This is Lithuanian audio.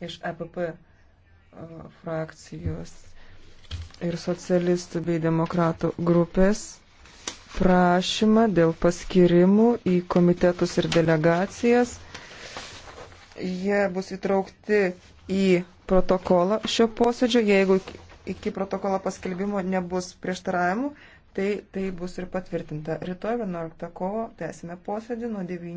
iš EPP e, frakcijos ir socialistų bei demokratų grupės prašymą dėl paskirimų į komitetus ir delegacijas. Jie bus įtraukti į protokolą šio posėdžio. Jeigu iki protokolo paskelbimo nebus prieštaravimų, tai tai bus ir patvirtinta. Rytoj 11 kovo tęsime posėdį nuo 9.